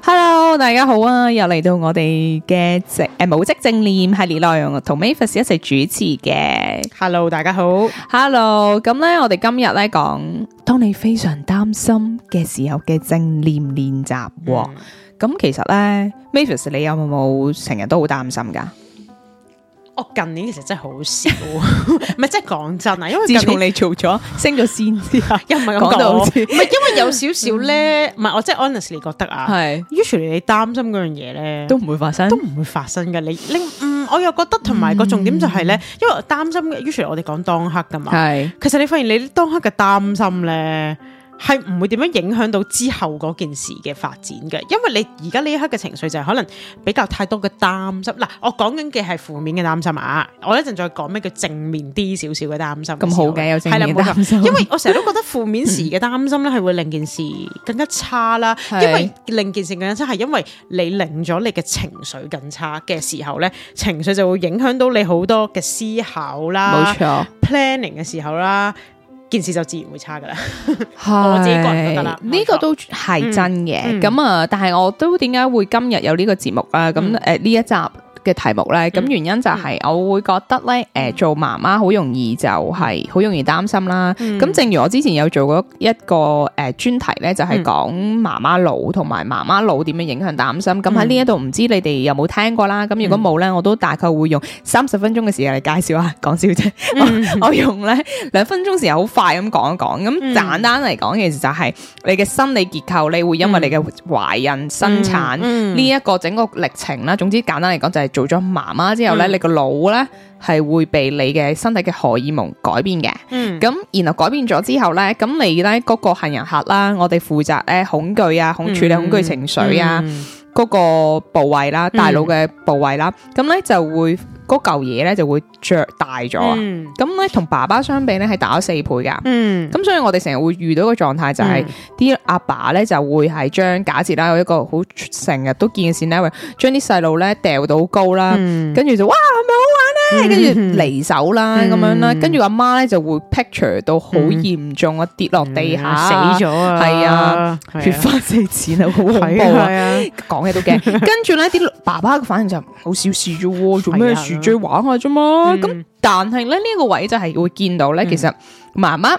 Hello，大家好啊！又嚟到我哋嘅正誒母職正念系列內容，同 Mavis 一齊主持嘅。Hello，大家好。呃、Hello，咁咧我哋今日咧，講當你非常擔心嘅時候嘅正念練習。咁、嗯哦嗯、其實咧，Mavis 你有冇成日都好擔心噶？我近年其實真係好少，唔係即係講真啊，因為自從你做咗升咗先之下，一唔係講到唔係因為有少少咧，唔係我即係 honestly 覺得啊，係 usually 你擔心嗰樣嘢咧都唔會發生，都唔會發生嘅。你你嗯，我又覺得同埋個重點就係咧，因為我擔心 usually 我哋講當刻噶嘛，係其實你發現你當刻嘅擔心咧。係唔會點樣影響到之後嗰件事嘅發展嘅，因為你而家呢一刻嘅情緒就係可能比較太多嘅擔心。嗱，我講緊嘅係負面嘅擔心啊，我一陣再講咩叫正面啲少少嘅擔心。咁好嘅，有正面嘅擔心。係啦，冇錯。因為我成日都覺得負面時嘅擔心咧，係會令件事更加差啦。因為令件事更加差，係因為你令咗你嘅情緒更差嘅時候咧，情緒就會影響到你好多嘅思考啦。冇錯，planning 嘅時候啦。件事就自然會差噶啦是， 我自己一個人覺得啦，呢個都係真嘅。咁啊，但係我都點解會今日有呢個節目啊？咁誒呢一集。嘅題目咧，咁原因就係我會覺得咧，誒、呃、做媽媽好容易就係好容易擔心啦。咁、嗯、正如我之前有做過一個誒、呃、專題咧，就係、是、講媽媽腦同埋媽媽腦點樣影響擔心。咁喺呢一度唔知你哋有冇聽過啦。咁如果冇咧，我都大概會用三十分鐘嘅時間嚟介紹下。講笑啫， 嗯、 我用咧兩分鐘時間好快咁講一講。咁簡單嚟講，其實就係你嘅心理結構，你會因為你嘅懷孕生產呢一、嗯嗯嗯、個整個歷程啦。總之簡單嚟講，就係、是。做咗媽媽之後咧，嗯、你個腦咧係會被你嘅身體嘅荷爾蒙改變嘅。嗯，咁然後改變咗之後咧，咁你咧嗰、嗰個杏仁核啦，我哋負責咧恐懼啊、恐處理恐懼情緒啊嗰、嗯嗯、個部位啦、大腦嘅部位啦，咁咧、嗯、就會。舊嘢咧就會着大咗啊，咁咧同爸爸相比咧係打咗四倍噶，咁、嗯、所以我哋成日會遇到個狀態就係啲阿爸咧就會係將假設啦，有一個好成日都見線咧，將啲細路咧掉到高啦，跟住、嗯、就哇係跟住離手啦，咁、嗯、樣啦，跟住阿媽咧就會 picture 到好嚴重、嗯嗯、啊，跌落地下死咗啊，係啊，血花四濺啊，好恐怖啊，講嘢、啊、都驚。跟住咧啲爸爸嘅反應就好小事啫，做咩樹追玩下啫嘛。咁、嗯、但係咧呢、這個位就係會見到咧，嗯、其實媽媽。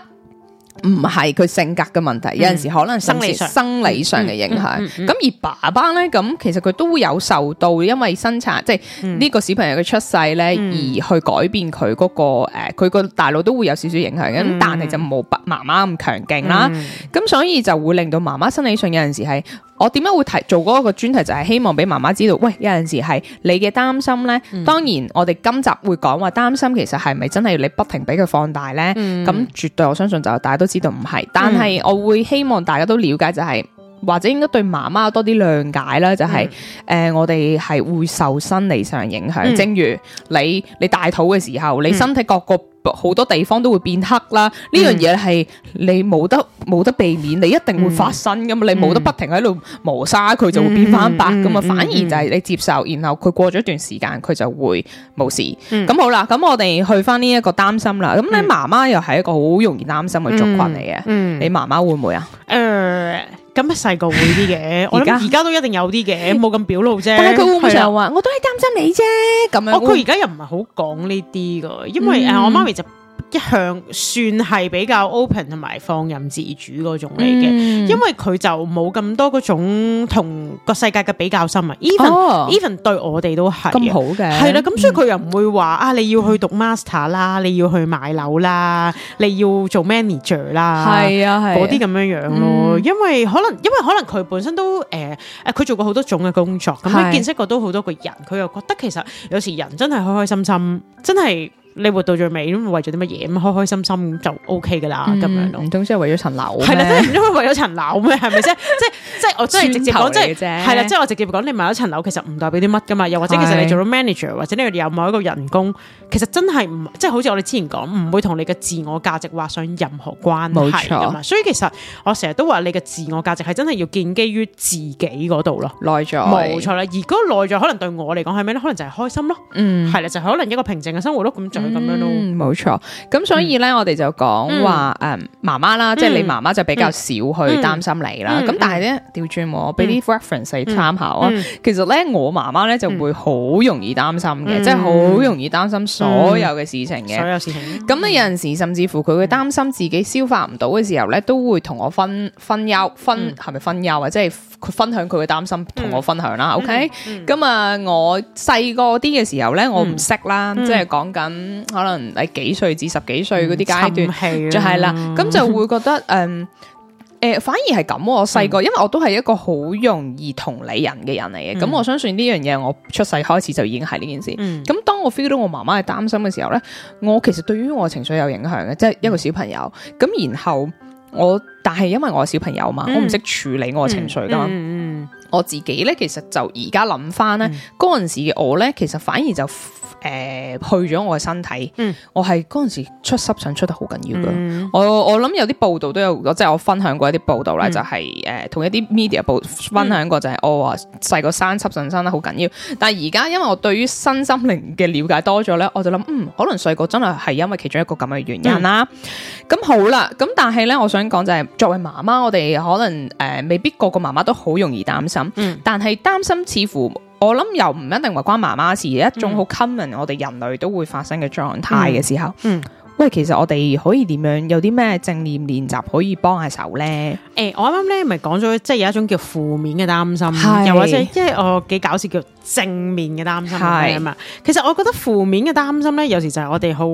唔係佢性格嘅問題，嗯、有陣時可能生理生理上嘅影響。咁、嗯嗯嗯嗯、而爸爸咧，咁其實佢都會有受到，因為生產即係呢個小朋友嘅出世咧，嗯、而去改變佢嗰、嗰個誒，佢、呃、個大腦都會有少少影響。咁、嗯、但係就冇爸媽媽咁強勁啦。咁、嗯、所以就會令到媽媽生理上有陣時係。我點解會提做嗰個專題就係希望俾媽媽知道，喂，有陣時係你嘅擔心呢。嗯、當然，我哋今集會講話擔心其實係咪真係你不停俾佢放大呢？咁、嗯、絕對我相信就大家都知道唔係，但係我會希望大家都了解就係、是。或者應該對媽媽多啲諒解啦，就係、是、誒、嗯呃，我哋係會受生理上影響。嗯、正如你你大肚嘅時候，嗯、你身體各個好多地方都會變黑啦。呢、嗯、樣嘢係你冇得冇得避免，你一定會發生噶嘛。你冇得不停喺度磨砂佢就會變翻白噶嘛。嗯嗯反而就係你接受，然後佢過咗一段時間，佢就會冇事。咁、嗯、好啦，咁、嗯嗯、我哋去翻呢一個擔心啦。咁你媽媽又係一個好容易擔心嘅族群嚟嘅，嗯嗯你媽媽會唔會啊？誒。呃咁啊，細個會啲嘅，現在我諗而家都一定有啲嘅，冇咁表露啫。但係佢會唔會成日話，係啊、我都係擔心你啫，咁樣。哦，佢而家又唔係好講呢啲㗎，因為、嗯啊、我媽咪就，一向算係比較 open 同埋放任自主嗰種嚟嘅，嗯、因為佢就冇咁多嗰種同個世界嘅比較心啊。Even even、哦、對我哋都係咁好嘅，係啦，咁所以佢又唔會話、嗯、啊，你要去讀 master 啦，你要去買樓啦，你要做 manager 啦、嗯，係啊，係嗰啲咁樣樣咯。因為可能因為可能佢本身都誒誒，佢、呃、做過好多種嘅工作，咁樣佢見識過都好多個人，佢又覺得其實有時人真係開開心心，真係。真你活到最尾咁，為咗啲乜嘢？咁開開心心就 O K 噶啦咁樣？唔通，即係為咗層樓係啦，即係因為為咗層樓咩，係咪先？即係即係我真係直接講，即係係啦，即係我直接講，你買咗層樓其實唔代表啲乜噶嘛，又或者其實你做咗 manager 或者你有某一個人工，其實真係唔即係好似我哋之前講唔會同你嘅自我價值劃上任何關係噶嘛。所以其實我成日都話你嘅自我價值係真係要建基於自己嗰度咯，內在冇錯啦。而嗰個內在可能對我嚟講係咩可能就係開心咯，嗯，係啦，就可能一個平靜嘅生活咯。咁就。咁樣咯，冇錯。咁所以咧，我哋就講話誒，媽媽啦，即係你媽媽就比較少去擔心你啦。咁但係咧，調轉我俾啲 reference 你參考啊。其實咧，我媽媽咧就會好容易擔心嘅，即係好容易擔心所有嘅事情嘅。所有事情。咁咧，有陣時甚至乎佢會擔心自己消化唔到嘅時候咧，都會同我分分憂，分係咪分憂啊？即係。佢分享佢嘅擔心，同我分享啦，OK？咁啊，我細個啲嘅時候咧，我唔識啦，即係講緊可能喺幾歲至十幾歲嗰啲階段，就係啦。咁就會覺得，嗯，誒，反而係咁。我細個，因為我都係一個好容易同理人嘅人嚟嘅，咁我相信呢樣嘢，我出世開始就已經係呢件事。咁當我 feel 到我媽媽係擔心嘅時候咧，我其實對於我情緒有影響嘅，即係一個小朋友。咁然後。我但係因為我係小朋友嘛，嗯、我唔識處理我嘅情緒噶嘛，嗯嗯嗯、我自己咧其實就而家諗翻咧嗰陣時嘅我咧，其實反而就。誒、呃，去咗我嘅身體，嗯、我係嗰陣時出濕疹出得好緊要嘅、嗯。我我諗有啲報道都有，即係我分享過一啲報道啦，嗯、就係誒同一啲 media 報分享過，嗯、就係我話細個生濕疹生得好緊要。但係而家因為我對於身心靈嘅了解多咗咧，我就諗嗯，可能細個真係係因為其中一個咁嘅原因啦。咁、嗯、好啦，咁但係咧，我想講就係、是、作為媽媽，我哋可能誒、呃、未必個個媽媽都好容易擔心，嗯、但係擔心似乎。我諗又唔一定話關媽媽事，一種好 common 我哋人類都會發生嘅狀態嘅時候。嗯，嗯喂，其實我哋可以點樣有啲咩正念練習可以幫下手咧？誒，我啱啱咧咪講咗，即係有一種叫負面嘅擔心，是又或者即係我幾搞笑叫。正面嘅擔心啊嘛，是其實我覺得負面嘅擔心咧，有時就係我哋好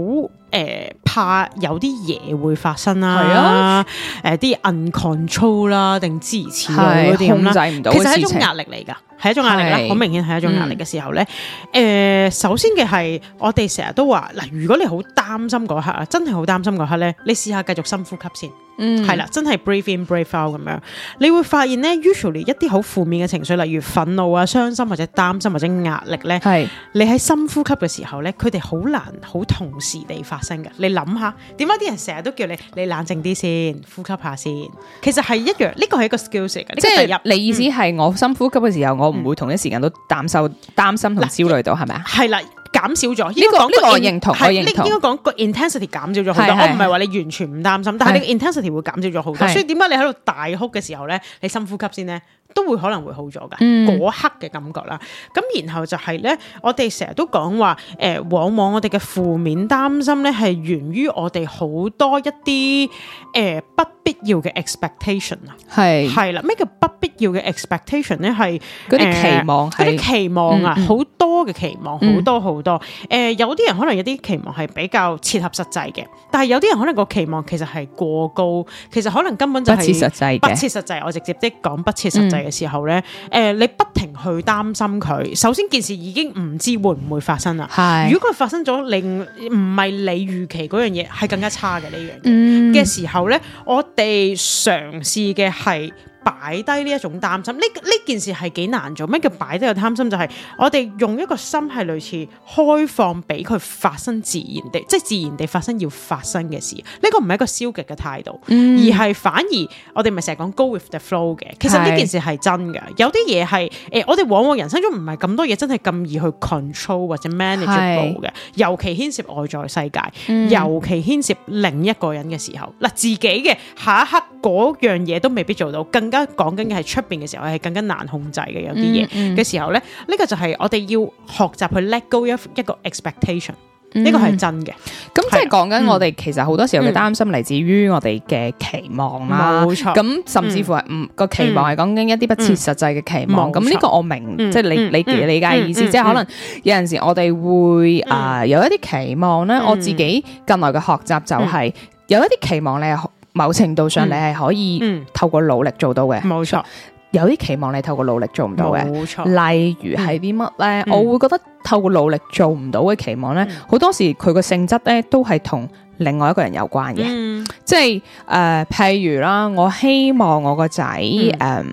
誒怕有啲嘢會發生啦，誒啲 uncontrol 啦，定、呃、支持是痛控制唔到，其實係一種壓力嚟㗎，係一種壓力咧，好是明顯係一種壓力嘅時候咧。誒、嗯呃，首先嘅係我哋成日都話嗱，如果你好擔心嗰刻啊，真係好擔心嗰刻咧，你試下繼續深呼吸先。嗯，係啦，真係 breathe in, breathe out 咁樣，你會發現咧，usually 一啲好負面嘅情緒，例如憤怒啊、傷心或者擔心或者壓力咧，係你喺深呼吸嘅時候咧，佢哋好難好同時地發生嘅。你諗下，點解啲人成日都叫你，你冷靜啲先，呼吸下先，其實係一樣，呢個係一個 skill set 嚟嘅，即係入你意思係，我深呼吸嘅時候，我唔會同一時間都擔受擔心同焦慮到，係咪啊？係啦。減少咗呢、這個呢、那個、個我認同，係呢，應該講個 intensity 減少咗好多。是是是，我唔係話你完全唔擔心，是是，但係你個 intensity 會減少咗好多。是是，所以點解你喺度大哭嘅時候咧，你深呼吸先咧？都會可能會好咗噶，嗰、嗯、刻嘅感覺啦。咁然後就係咧，我哋成日都講話，誒、呃，往往我哋嘅負面擔心咧係源於我哋好多一啲誒、呃、不必要嘅 expectation 啊。係係是 啦，咩叫不必要嘅 expectation 咧？係嗰啲期望，嗰啲、呃、期望啊，好、嗯嗯、多嘅期望，好多好多。誒、呃，有啲人可能有啲期望係比較切合實際嘅，但係有啲人可能個期望其實係過高，其實可能根本就係不切實際嘅。不切實際，我直接啲講不切實際。嘅時候咧，誒、呃，你不停去擔心佢。首先件事已經唔知會唔會發生啦。係是，如果佢發生咗，令唔係你預期嗰樣嘢係更加差嘅呢樣嘅時候咧，我哋嘗試嘅係。擺低呢一種擔心，呢呢件事係幾難做。咩叫擺低個擔心？就係、是、我哋用一個心係類似開放，俾佢發生自然地，即係自然地發生要發生嘅事。呢、這個唔係一個消極嘅態度，嗯、而係反而我哋咪成日講 go with the flow 嘅。其實呢件事係真嘅。是有啲嘢係誒，我哋往往人生中唔係咁多嘢真係咁易去 control 或者 manage 到嘅。是尤其牽涉外在世界，嗯、尤其牽涉另一個人嘅時候，嗱、呃、自己嘅下一刻嗰樣嘢都未必做到，更加。而家講緊嘅係出邊嘅時候，係更加難控制嘅，有啲嘢嘅時候咧，呢個就係我哋要學習去 let go of 一個 expectation，呢個係真嘅。咁即係講緊我哋其實好多時候嘅擔心嚟自於我哋嘅期望啦，冇錯，咁甚至乎係嗰個期望係講緊一啲不切實際嘅期望。咁呢個我明，即係你你理解意思，即係可能有陣時我哋會啊有一啲期望咧。我自己近來嘅學習就係有一啲期望咧，某程度上，你係可以透過努力做到嘅。冇錯，有啲期望你透過努力做唔到嘅。冇錯，例如係啲乜咧？我會覺得透過努力做唔到嘅期望咧，好多時佢個性質咧都係同另外一個人有關嘅。即係誒，譬如啦，我希望我個仔誒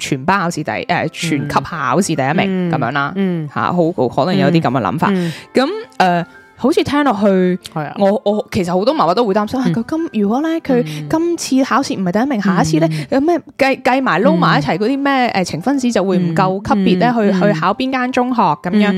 全班考試第誒全級考試第一名咁樣啦。嗯，吓，好可能有啲咁嘅諗法。咁誒。好似聽落去，係啊，我我其實好多媽媽都會擔心，佢今如果咧佢今次考試唔係第一名，下一次咧有咩計計埋撈埋一齊嗰啲咩誒呈分試就會唔夠級別咧，去去考邊間中學咁樣，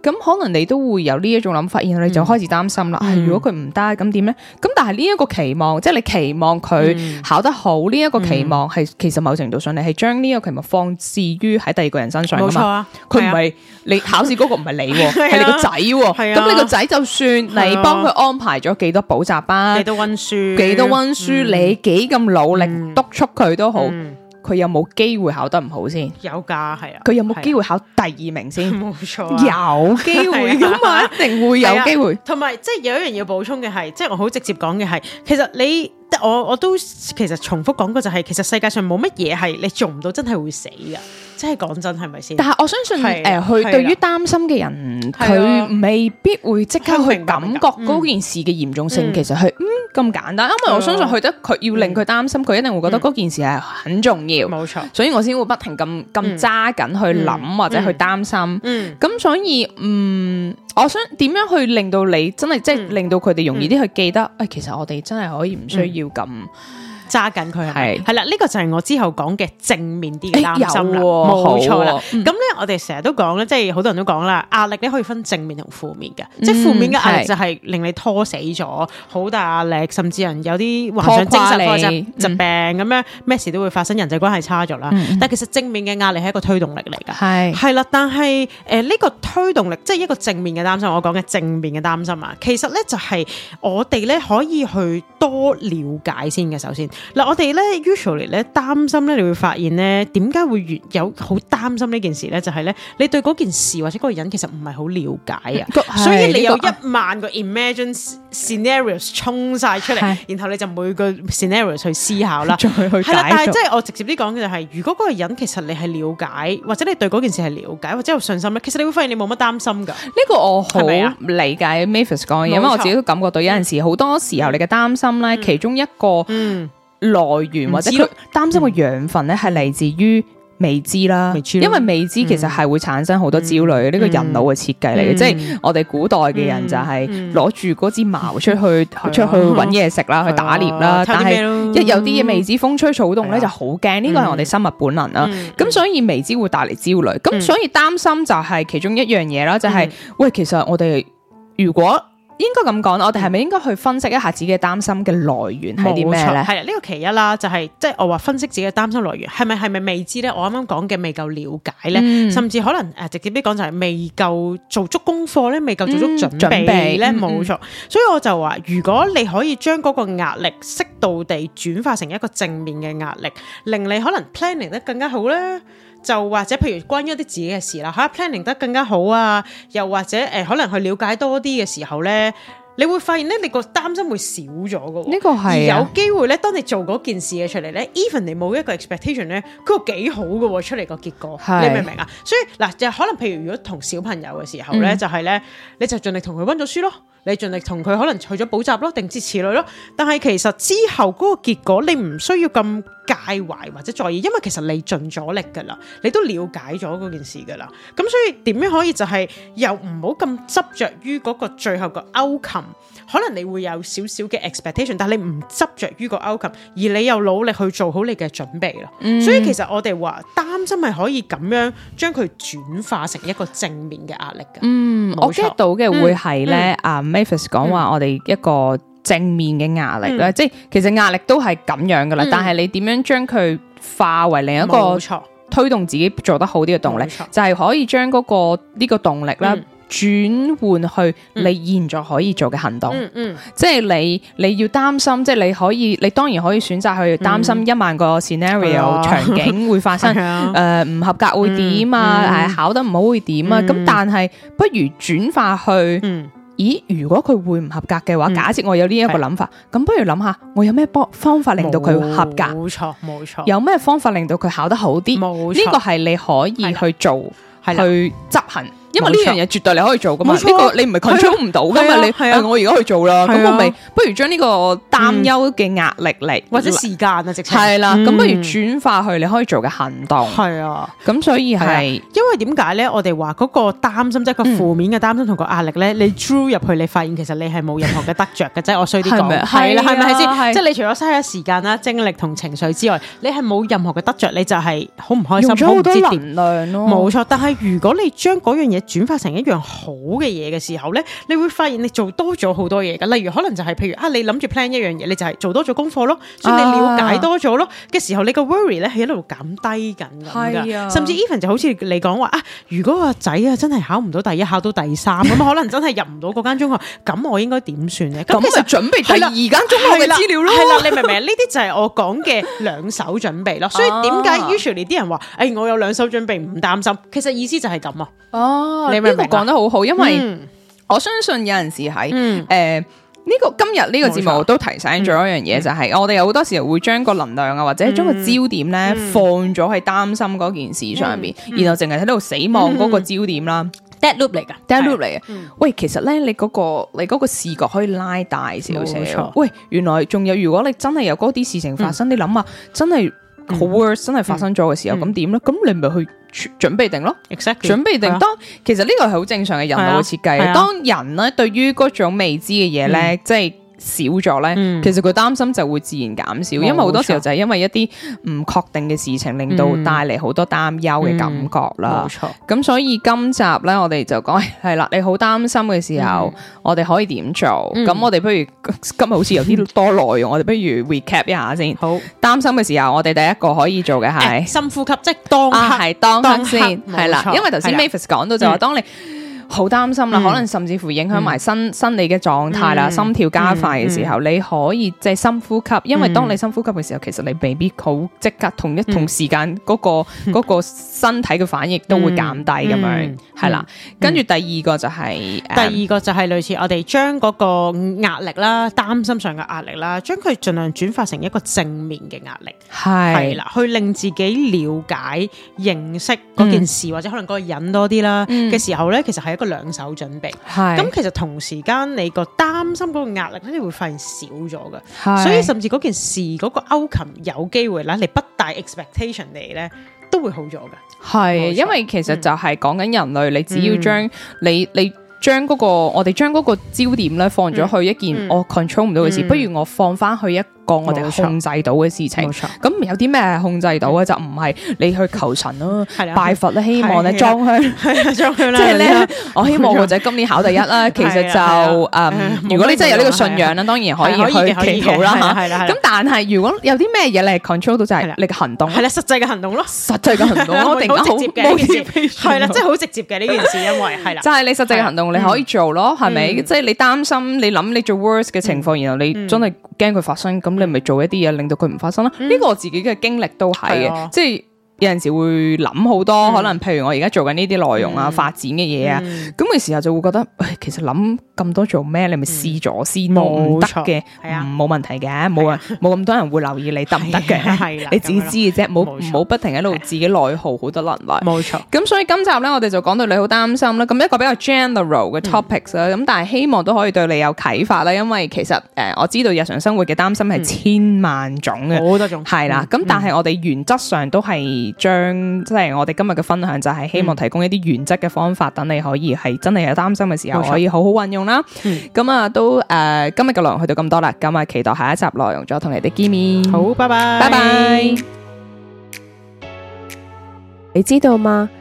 咁可能你都會有呢一種諗法，然後你就開始擔心啦。如果佢唔得咁點咧？咁但係呢一個期望，即係你期望佢考得好，呢一個期望係其實某程度上你係將呢一個期望放置於喺第二個人身上噶嘛。佢唔係你考試嗰個唔係你，係你個仔。咁你個仔就。算你幫佢安排咗幾多補習班，幾多溫書，幾多溫書，嗯、你幾咁努力、嗯、督促佢都好，佢、嗯、有冇機會考得唔好先？有㗎，係啊，佢有冇機會考第二名先？冇錯，有機會咁啊，啊 啊一定會有機會。同埋即係有一樣、就是、要補充嘅係，即、就、係、是、我好直接講嘅係，其實你。我我都其實重複講過，就係其實世界上冇乜嘢係你做唔到，真係會死㗎。即係講真，係咪先？但係我相信，誒，佢對於擔心嘅人，佢未必會即刻去感覺嗰件事嘅嚴重性。其實係嗯咁簡單，因為我相信佢覺得佢要令佢擔心，佢一定會覺得嗰件事係很重要。冇錯，所以我先會不停咁咁揸緊去諗或者去擔心。嗯，咁所以嗯。我想點樣去令到你真係即係令到佢哋容易啲去記得？誒、嗯哎，其實我哋真係可以唔需要咁。嗯揸緊佢係係啦，呢是、呢個就係我之後講嘅正面啲嘅擔心啦，冇、啊、錯啦。咁咧、嗯，我哋成日都講咧，即係好多人都講啦，壓力咧可以分正面同負面嘅，嗯、即係負面嘅壓力就係令你拖死咗，好是大壓力，甚至人有啲患上精神科疾病咁、嗯、樣，咩事都會發生，人際關係差咗啦。嗯、但其實正面嘅壓力係一個推動力嚟噶，係係啦。但係誒呢個推動力，即係一個正面嘅擔心，我講嘅正面嘅擔心啊，其實咧就係、是、我哋咧可以去多了解先嘅，首先。嗱，我哋咧 usually 咧擔心咧，你會發現咧點解會越有好擔心呢件事咧，就係、是、咧你對嗰件事或者嗰個人其實唔係好了解啊，所以你有一、啊、萬個 imagine scenarios 沖晒出嚟，然後你就每個 scenario 去思考啦，再去解、啊、但係即係我直接啲講嘅就係，如果嗰個人其實你係了解，或者你對嗰件事係了解或者有信心咧，其實你會發現你冇乜擔心㗎。呢個我好理解 Mavis 講嘅嘢，因為我自己都感覺到有陣時好多時候你嘅擔心咧，嗯嗯、其中一個嗯。來源或者佢擔心個養分咧，係嚟自於未知啦。未知，因為未知其實係會產生好多焦慮。呢個人腦嘅設計嚟嘅。即係我哋古代嘅人就係攞住嗰支矛出去，出去搵嘢食啦，去打獵啦。但係一有啲嘢未知，風吹草動咧就好驚。呢個係我哋生物本能啦。咁所以未知會帶嚟焦慮。咁所以擔心就係其中一樣嘢啦，就係喂，其實我哋如果。應該咁講，我哋係咪應該去分析一下自己嘅擔心嘅來源係啲咩咧？係啊，呢、這個其一啦，就係、是、即係我話分析自己嘅擔心來源係咪係咪未知咧？我啱啱講嘅未夠了解咧，嗯、甚至可能誒、呃、直接啲講就係未夠做足功課咧，未夠做足準備咧，冇錯、嗯嗯嗯。所以我就話，如果你可以將嗰個壓力適度地轉化成一個正面嘅壓力，令你可能 planning 得更加好咧。就或者，譬如關於一啲自己嘅事啦，吓 planning 得更加好啊，又或者誒、呃，可能去了解多啲嘅時候咧，你會發現咧，你個擔心會少咗嘅。呢個係、啊、有機會咧，當你做嗰件事嘅出嚟咧，even 你冇一個 expectation 咧，佢又幾好嘅出嚟個結果出來出來結，是 你明唔明啊？所以嗱、呃，就可能譬如如果同小朋友嘅時候咧，嗯、就係咧，你就盡力同佢温咗書咯，你盡力同佢可能去咗補習咯，定之此類咯。但係其實之後嗰個結果，你唔需要咁。介懷或者在意，因為其實你盡咗力噶啦，你都了解咗嗰件事噶啦，咁所以點樣可以就係、是、又唔好咁執着於嗰個最後個 outcome？可能你會有少少嘅 expectation，但係你唔執着於個 outcome，而你又努力去做好你嘅準備啦。嗯、所以其實我哋話擔心係可以咁樣將佢轉化成一個正面嘅壓力嘅。嗯，我 get 到嘅會係咧，阿 Mavis 講話我哋一個。正面嘅壓力啦，即係其實壓力都係咁樣噶啦，但係你點樣將佢化為另一個推動自己做得好啲嘅動力，就係可以將嗰個呢個動力咧轉換去你現在可以做嘅行動。嗯，即係你你要擔心，即係你可以，你當然可以選擇去擔心一萬個 scenario 場景會發生，誒唔合格會點啊，誒考得唔好會點啊，咁但係不如轉化去。咦，如果佢會唔合格嘅話，嗯、假設我有呢一個諗法，咁，係呀，不如諗下我有咩方法令到佢合格？冇錯，冇錯，有咩方法令到佢考得好啲？冇錯，呢個係你可以去做，係去執行。因為呢樣嘢絕對你可以做噶嘛，呢個你唔係 control 唔到噶嘛，你係啊，我而家去做啦，咁我咪不如將呢個擔憂嘅壓力嚟、或者時間啊，直情係啦，咁不如轉化去你可以做嘅行動，係啊，咁所以係，因為點解咧？我哋話嗰個擔心即係個負面嘅擔心同個壓力咧，你 draw 入去，你發現其實你係冇任何嘅得着嘅啫，我需要講係啦，係咪先？即係你除咗嘥咗時間啦、精力同情緒之外，你係冇任何嘅得着，你就係好唔開心，用咗好多能量咯，冇錯。但係如果你將嗰樣嘢，轉化成一樣好嘅嘢嘅時候咧，你會發現你做多咗好多嘢噶。例如可能就係譬如啊，你諗住 plan 一樣嘢，你就係做多咗功課咯，所以你了解多咗咯嘅時候你，你個 worry 咧係一路減低緊噶。係啊，甚至 even 就好似你講話啊，如果個仔啊真係考唔到第一，考到第三咁，可能真係入唔到嗰間中學，咁 我應該點算呢？咁咪準備第二間中學嘅資料咯。係啦、啊啊啊啊啊，你明唔明？呢啲 就係我講嘅兩手準備咯。 所以點解 usually 啲人話誒、哎，我有兩手準備唔擔心？其實意思就係咁啊。哦。你明唔明講得好好，因為我相信有陣時喺誒呢個今日呢個節目都提醒咗一樣嘢，就係我哋有好多時候會將個能量啊或者將個焦點咧放咗喺擔心嗰件事上面，然後淨係喺度死亡嗰個焦點啦。Dead loop 嚟噶，dead loop 嚟啊！喂，其實咧你嗰個你嗰個視覺可以拉大少少。喂，原來仲有，如果你真係有嗰啲事情發生，你諗下，真係。好 worst、嗯、 真係發生咗嘅時候，咁點、嗯、呢？咁你咪去準備定咯。Exactly，準備定，的當其實呢個係好正常嘅人腦設計。的當人咧的對於嗰種未知嘅嘢咧，的即係。少咗呢，其實佢擔心就會自然減少，因為好多時候就係因為一啲唔確定嘅事情，令到帶嚟好多擔憂嘅感覺啦。冇錯，咁所以今集呢，我哋就講係啦，你好擔心嘅時候，我哋可以點做？咁我哋不如今日好似有啲多內容，我哋不如 recap 一下先。好，擔心嘅時候，我哋第一個可以做嘅係深呼吸，即係當刻當刻先係啦。因為頭先 Mavis 講到就話當你。好擔心啦，可能甚至乎影響埋身生理嘅狀態啦，心跳加快嘅時候，你可以即係深呼吸，因為當你深呼吸嘅時候，其實你未必好即刻同一同時間嗰個嗰個身體嘅反應都會減低咁樣係啦。跟住第二個就係，第二個就係類似我哋將嗰個壓力啦，擔心上嘅壓力啦，將佢盡量轉化成一個正面嘅壓力，係啦，去令自己了解認識嗰件事或者可能個人多啲啦嘅時候咧，其實係，個兩手準備，係咁是其實同時間你個擔心嗰個壓力咧，你會發現少咗噶，是所以甚至嗰件事嗰，那個 outcome 有機會啦，你不帶 expectation 嚟咧，都會好咗噶。係是，錯因為其實就係講緊人類，嗯、你只要將、嗯、你你將嗰，那個我哋將嗰個焦點咧放咗去一件我 control 唔到嘅事，嗯嗯、不如我放翻去一。我哋控制到嘅事情，咁有啲咩控制到嘅就唔係你去求神咯，拜佛啦，希望你裝香，裝香啦。即係咧，我希望或者今年考第一啦。其實就誒，如果你真係有呢個信仰啦，當然可以去祈禱啦。咁但係如果有啲咩嘢你係 control 到，就係你嘅行動，係啦，實際嘅行動咯，實際嘅行動咯，好直接嘅，係啦，即係好直接嘅呢件事，因為係啦，就係你實際嘅行動你可以做咯，係咪？即係你擔心，你諗你做 worse 嘅情況，然後你真係。驚佢發生，咁你咪做一啲嘢，令到佢唔發生啦。呢、嗯、個我自己嘅經歷都係嘅，是啊、即係。有陣時會諗好多，可能譬如我而家做緊呢啲內容啊、發展嘅嘢啊，咁嘅時候就會覺得，其實諗咁多做咩？你咪試咗先，冇得嘅，係啊，冇問題嘅，冇人冇咁多人會留意你得唔得嘅，係啦，你自己知嘅啫，唔好不停喺度自己內耗好多能量，冇錯。咁所以今集咧，我哋就講到你好擔心啦，咁一個比較 general 嘅 topics 啦，咁但係希望都可以對你有啟發啦，因為其實誒我知道日常生活嘅擔心係千萬種嘅，好多種係啦，咁但係我哋原則上都係。將即係我哋今日嘅分享，就係希望提供一啲原則嘅方法，等、嗯、你可以係真係有擔心嘅時候，錯可以好好運用啦。咁、嗯、啊，都誒、呃，今日嘅內容去到咁多啦，咁啊，期待下一集內容再同你哋見面。好，拜拜，拜拜 bye。你知道嗎？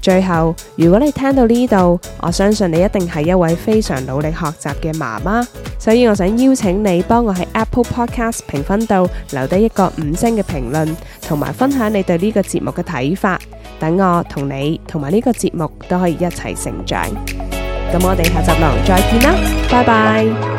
最後，如果你聽到呢度，我相信你一定係一位非常努力學習嘅媽媽，所以我想邀請你幫我喺 Apple Podcast 評分度留低一個五星嘅評論，同埋分享你對呢個節目嘅睇法，等我同你同埋呢個節目都可以一齊成長。咁我哋下集再見啦，拜拜。